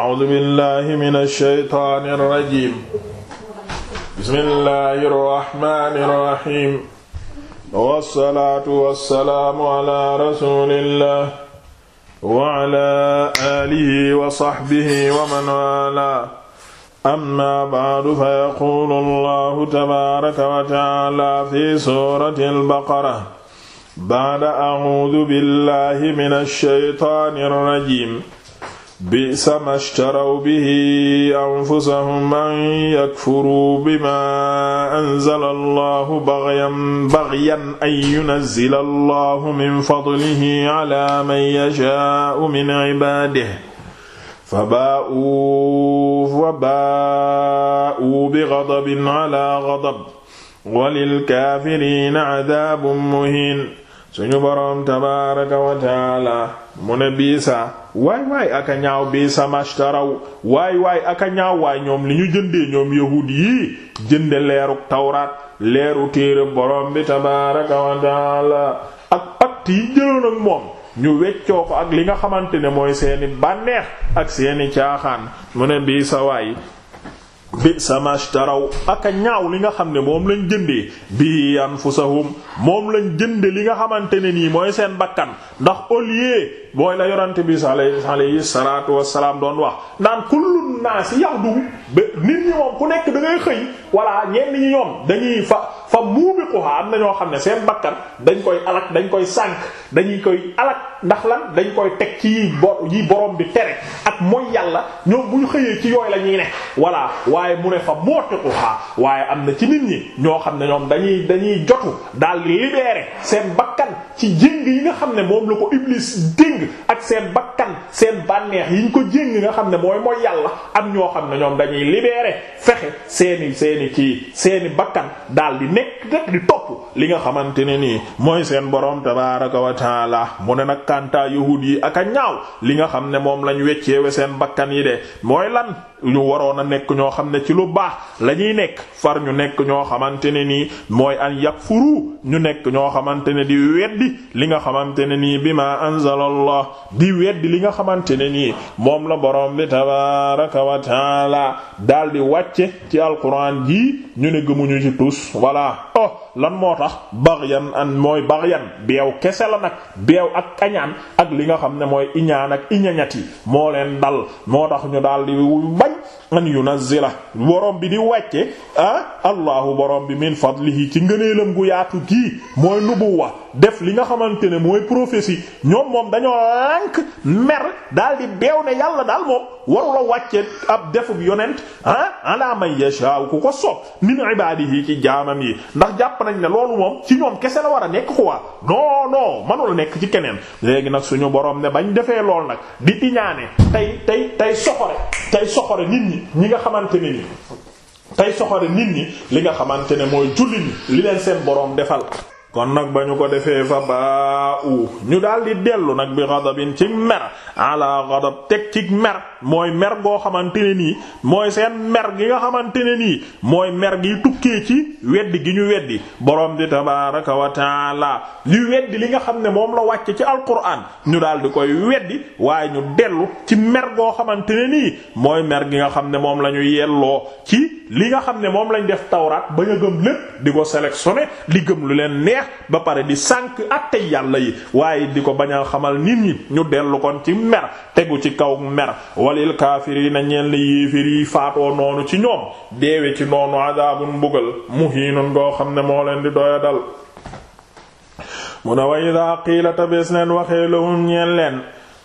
a'uuzu billaahi mina shaytaani rajiim bismillaahi rahmaani rahiim wassalaatu wassalaamu alaa rasuulillaah wa alaa aalihi wa sahbihi wa man waalaa ammaa ba'du fa yaquulu llaahu tabaaraka wa ta'aalaa fi suuratil baqara ba'da a'uuzu billaahi mina shaytaani rajiim bi'sa mashtaraw bihi anfusahum an yakfuruu bimaa anzala allahu baghyan baghyan an yunazzila allahu min fadlihi ala man yashaa'u min ibaadihi fabaa'uu fabaa'uu bighadabin ala ghadab wa lilkaafiriina adaabun muhiin suñu boroom tabaaraka wa taala mu ne biisa waay waay aka ñaaw biisa mashtaraw waay waay aka ñaaw waay ñoom li ñu jëndee ñoom yahuud yii jënde leeru tawraat leeru téere borom bi tabaaraka wa taala ak pacte yi jëloon ak moom ñu weccoo ko ak li nga xamante ne mooy seeni bànneex ak seeni caaxaan mu ne biisa waay bi samashtaraw aka ñaaw li nga xam ne moom lañ jëndee bi anfusahum moom lañ jënde li nga xamante ne nii mooy seen bakkan ndax au lieu booy la yorante bi alayhi salaatu wassalaam doon wax naan kullu naasi yahdu nit ñi moom ku nekk da ngay xëy walla ñenn ñi ñoom dañuy fa fa muur yuuquhaa am na ñoo xam ne seen bakkan dañ koy alak dañ koy sànk dañuy koy alak ndax lan dañ koy teg ci yi bo yi borom bi tere ak mooy yàlla ñoom bu ñu xëyee ci yooyu la ñuy ne voilà waaye mu ne fa mootiquhaa waaye am na ci nit ñi ñoo xam ne ñoom dañuy dañuy jotu daal di libérer seen bakkan ci jéng yi nga xam ne moom la ko iblis déng ak seen bakkan seen bànneex yi ñu ko jéng nga xam ne mooy mooy yàlla am ñoo xam ne ñoom dañuy libérer fexe seeni seeni ci seeni bakkan daal nekk rek di topp li nga xamante ne nii mooy seen borom tabaaraka wa taala mu ne nag kanta yahuud yi ak a ñaaw li nga xam ne moom lañu weccee wecceewe seen bakkan yi de mooy lan ñu waroon a nekk ñoo xam ne ci lu baax la ñuy nekk far ñu nekk ñoo xamante ne nii mooy an yakfuru ñu nekk ñoo xamante ne di weddi li nga xamante ne nii bi ma anzalallah di weddi li nga xamante ne nii moom la borom bi tabaraka wa taala daal di wàcce ci alquran ji ñu ne gëmuñu ci tus voilà oh lan moo tax baghyan an mooy baghyan beew kese la nag beew ak kañaan ak li nga xam ne mooy iñaan ak iñañati moo leen dal moo tax ñu daal di an yunazzila borom bi di wàcce a ah, allahu borom bi min fadlihi ci ngëneelam gu yaatu gii mooy wa def li nga xamante ne mooy prophétie ñoom moom dañoo lànk mer daal di beew ne yàlla daal moom waru la wàcce ab defub yonent ah ala man yashaaw ku ko soob min ibaadihi ci jaamam yi ndax jàpp nañ ne loolu moom ci ñoom kese la war a nekk quoi non non mënu la nekk ci keneen léegi nag suñu borom ne bañ defee lool nag di iñaane tey tey tey soxore tey soxore nit ñi ñi nga xamante ni tey soxore nit ñi li nga xamante ne mooy julli ñi li leen seen borom defal. kon nag ba ñu ko defee fa baa u ñu daal di dellu nag bi ghadabin ci mer ala ghadab teg ci mer mooy mer goo xamante ne nii mooy seen mer gi nga xamante ne nii mooy mer gi tukkee ci weddi gi ñu weddi borom bi tabaaraka wa taala li weddi li nga xam ne moom la wàcc ci alquran ñu daal di koy weddi waaye ñu dellu ci mer goo xamante ne nii mooy mer gi nga xam ne moom la ñu yelloo ci li nga xam ne moom lañ def tawraat ba nga gëm lépp di ko sélectionné di gëm lu leen neex ba pare di sànq àttey yàlla yi waaye di ko bañ a xamal nit ñi ñu dellu kon ci mer tegu ci kaw mer walil kaafiriina ñeen la yéeféer yi faatoo noonu ci ñoom deewe ci noonu adaabun mbugal muhiinun goo xam ne moo leen di doya dal mu ne wa idaa qiila leen waxee lahum ñeen leen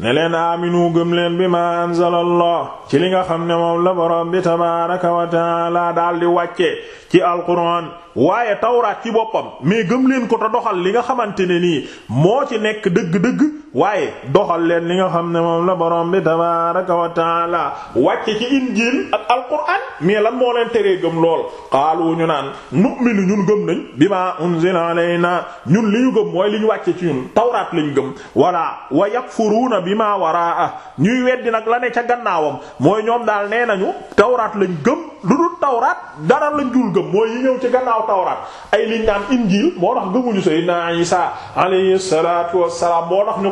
ne leen aaminu gëm leen bi ma anzalallah ci li nga xam ne moom la borom bi tabaaraka wa taala daal di wàcce ci alquran waaye tawraat ci boppam mais gëm leen ko te doxal li nga xamante ne nii moo ci nekk dëgg-dëgg waaye doxal leen li nga xam ne moom la borom bi tabaaraka wa taala wàcce ci injiil ak alquran mais lan moo leen teree gëm lool xaalu ñu naan nu'minu ñun gëm nañ bima unzila alayna ñun li ñu gëm mooy li ñu wàcce ci ñun tawraat lañ gëm walla wa yakfuruuna bima waraa ñuy weddi nag la ne ca gannaawam mooy ñoom daal nee nañu tawraat lañ gëm lu dul tawraat dara lañ dul gëm mooy yi ñëw ci gannaaw tawraat ay liñ naan injiil moo tax gëmuñu sayyidina Isa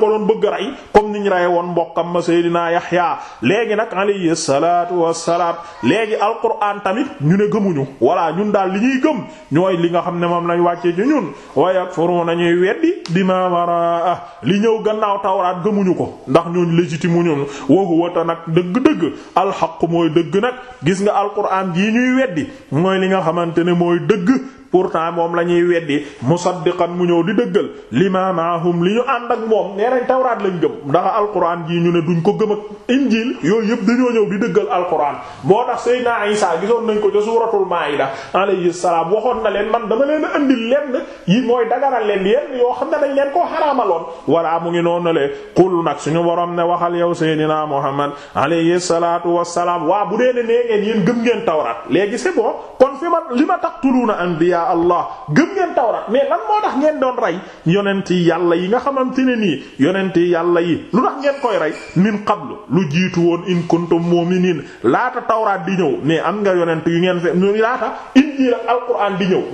ko doon bëgg rey comme niñ rey woon mbokkam ma Seydina Yaxya léegi nag alayhi salaatu wassalaam léegi alquran tamit ñu ne gëmuñu voilà ñun daal li ñuy gëm ñooy li nga xam ne moom lañ wàccee ci ñun wayakfuruna ñuy weddi bima waraa li ñëw gannaaw tawraat gëmuñu ko ndax ñooñ légitime ñun wa huwa ta nag dëgg-dëgg alxaq mooy dëgg nag gis nga alquran jii ñuy weddi mooy li nga xamante ne mooy dëgg pourtant moom la ñuy weddi musaddiqan mu ñëw di dëggal lima maahum li ñu ànd ak moom nee nañ tawraat lañ gëm ndax alquran jii ñu ne duñ ko gëm ak injil yooyu yëpp dañoo ñëw di dëggal alquran moo tax Seydina Isa gisoon nañ ko ca suuratul maayida alayhi salaam waxoon na leen man dama leen a andil lenn yi mooy dagaral leen yenn yoo xam ne dañ leen koo xaraamaloon walla mu ngi noonu le qul nag suñu borom ne waxal yow Seydina Muhammad alayhi salaatu wassalaam waa bu dee ne nee gëm ngeen tawraat léegi c'est bon kon fi ma li ma taqtuluuna anbiyaa allah gëm ngeen tawraat mais lan moo tax ngeen doon rey yonent yàlla yi nga xamante ne nii yonent yàlla yi lu tax ngeen koy rey nin qablu lu jiitu woon in kuntum mu'minin laata tawraat di ñëw mais am nga yonent yu ngeen fe ñu laata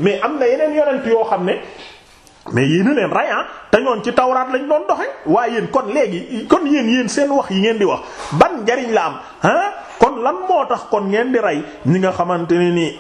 mais am na yeneen yonent yoo xam ne mais yéen a leen rey ah te ñoon ci tawraat lañ doon doxe waaye yéen kon léegi kon yéen yéen seen wax yi ngeen di wax ban njariñ la am ah kon lan moo tax kon ngeen di rey ñi nga xamante ne nii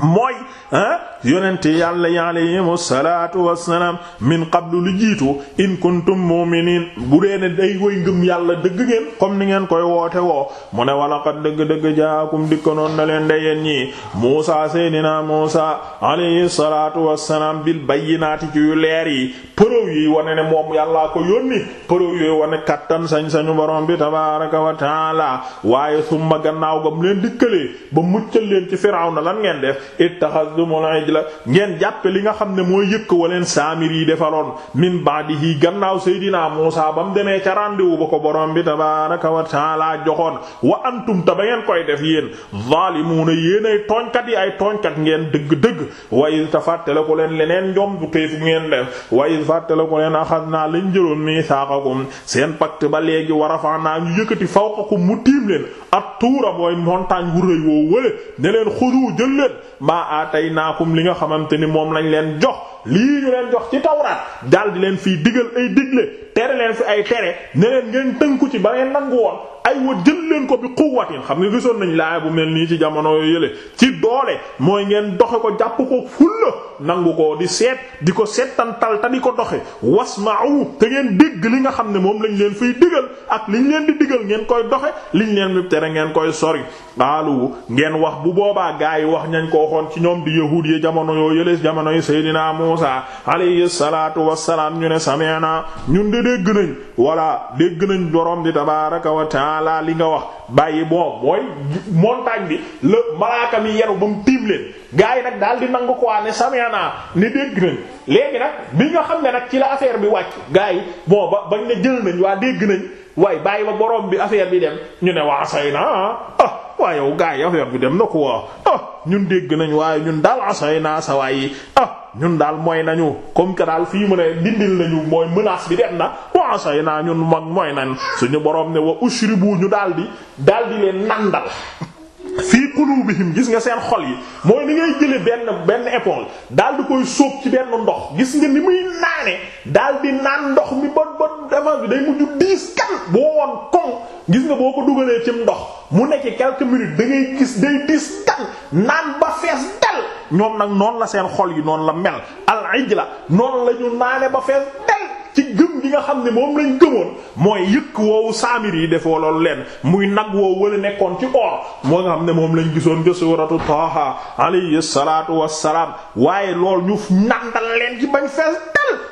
mooy ah yonente yàlla yi alayhimu salaatu wassalaam min qablu lu jiitu in kuntum mu'minin bu dee ne day ngëm yàlla dëgg ngeen comme ni ngeen koy woote woo mu ne wala qad dëgg-dëgg jaakum dikkanoon na leen de yéen ñii Muusa Seydina Muusa alayhi salaatu wassalaam bil bayyinaati ci yu leer yi preuve yi wane ne moom yàllaa ko yónni preuve yooyu wane kattan sañ-sañu borom bi tabaaraka wa taala waaye summa gannaaw gam leen dikkalee ba muccal leen ci Firawna lan ngeen def ittaxadtumul ijla ngeen jàppe li nga xam ne mooy yëkk waleen saamir yi defaloon min baadihi gannaaw seydinaa Muusaa ba mu demee ca rendez-vous ba ko borom bi tabaaraka wa taala joxoon wa antum ta ba ngeen koy def yéen zaalimuuna yéen ay tooñkat yi ay tooñkat ngeen dëgg-dëgg wa iz ta fàttale ko leen leneen njom bu téefu ngeen def wa iz fàttale ko leen axadnaa lañ jëloon miisaaqakum seen pacte ba léegi wa rafa'naa ñu yëkkati fawqakum mu tiim leen at tuura mooy montagne wu rëy woo wële maa ataynakum li nga xamante ni moom lañ leen jox lii ñu leen jox ci tawraat daal leen fiy digal ay digle tere leen fi ay tere ne leen ngeen tënku ci ba leen nangu woon ay wa jël leen ko bi quwwatin xam nga gisoon nañ laay bu mel nii ci jamono yële ci doole mooy ngeen doxe ko jàpp ko fulla nangu ko di seet di ko seetantal te di ko doxe wasma'u te ngeen dégg li nga xam ne moom lañ leen fiy digal ak liñ leen di digal ngeen koy doxe liñ leen mi tere ngeen koy sori qaalu ngeen wax bu boobaa gaa yi wax ñañ ko waxoon ci ñoom di yahuud yi jamono yoo yële jamono yi Seydina Muusa alayhi salaatu wassalaam ñu ne sami'na ñun de dégg nañ wala dégg nañ borom di tabaaraka taala li nga wax bàyyi bon mooy montagne bi la malaaka mi yeru ba mu tiim leen gars yi nag daal di nangu ko ne samiana ne dégg nañ léegi nag bi nga xam ne nag ci la affaire bi wàcc gars yi bon ba bañ ne jël nañ waa dégg nañ waaye bàyyi ba borom bi affaire bi dem ñu ne waa say naa ah waa yow gars yi affaire bi dem na quoi ah ñun dégg nañ waaye ñun daal asay naa sa waay yi ah ñun daal mooy nañu comme que daal fii mu ne dindil nañu mooy menace bi dem fa asay naa ñun mag mooy nan suñu borom ne wa ushribu ñu daldi daldi leen nandal fii qulubihim gis nga seen xol yi mooy li ngay jële benn benn éponge daal di koy sóob ci benn ndox gis nga ni muy naane daal di naan ndox mi ba ba éponge bi day mujju diis kan boo woon koŋ gis nga boo ko dugalee cim ndox mu nekk quelques minutes da ngay gis day diis kan naan ba fees dal ñoom nag noonu la seen xol yi noonu la mel al ijla noonu la naane ba fees ci gëm gi nga xam ne moom lañ gëmoon mooy yëkk woowu saamir yi defoo loolu leen muy nag woo wala nekkoon ci or moo nga xam ne moom lañ gisoon nga suuratu Taaha alayhi waaye lool ñu nandal leen ci bañ fees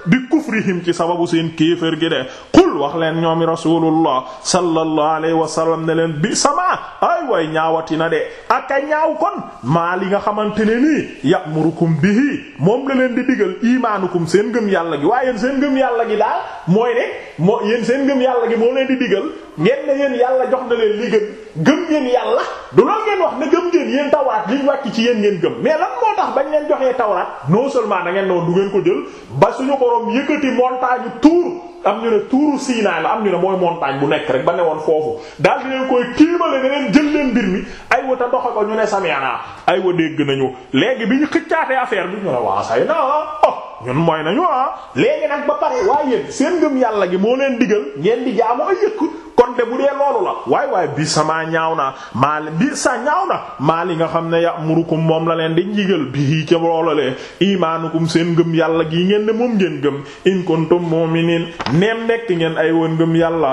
bi kufrihim ci sababu seen kéefër gi de qul wax leen ñoomi rasulullah sallallahu alayhi wa sallam ne leen bi sama ay way ñaawati na de ak a ñaaw kon maa li nga xamante ne nii ya'murukum bihi moom la leen di digal imaanukum seen ngëm yàlla gi waaye yéen seen ngëm yàlla gi daal mooy ne moo yéen seen ngëm yàlla gi moo leen di digal ngeen ne yéen yàlla jox na leen li gën gëm ngeen yàlla du loolu ngeen wax ne gëm ngeen yéen tawraat liñ wàcc ci yéen ngeen gëm mais lan moo tax bañ leen joxee tawraat non seulement da ngeen noonu du ngeen ko jël ba suñu borom yëkkati montagne tuur am ñu ne tuuru Sinaay la am ñu ne mooy montagne bu nekk rek ba ne woon foofu daal di leen koy tiimale ne leen jël leen mbir mi ay wa ta doxe ko ñu ne samiana ay wa dégg nañu léegi bi ñu xëccaatee affaire bi ñu ne waa say oh, ñun mooy nañu ah léegi nag ba pare waaye seen ngëm yàlla gi moo leen digal ngeen di jaamu ay yëkk kon de bu dee loolu la waay waay bi sama ñaaw na maa bi sa ñaaw na maa li nga xam ne ya'murukum moom la leen di njigal bi ca loolalee imaanukum seen ngëm yàlla gi ngeen ne moom ngeen gëm in kuntum mu'minin neem nekk ngeen ay woon ngëm yàlla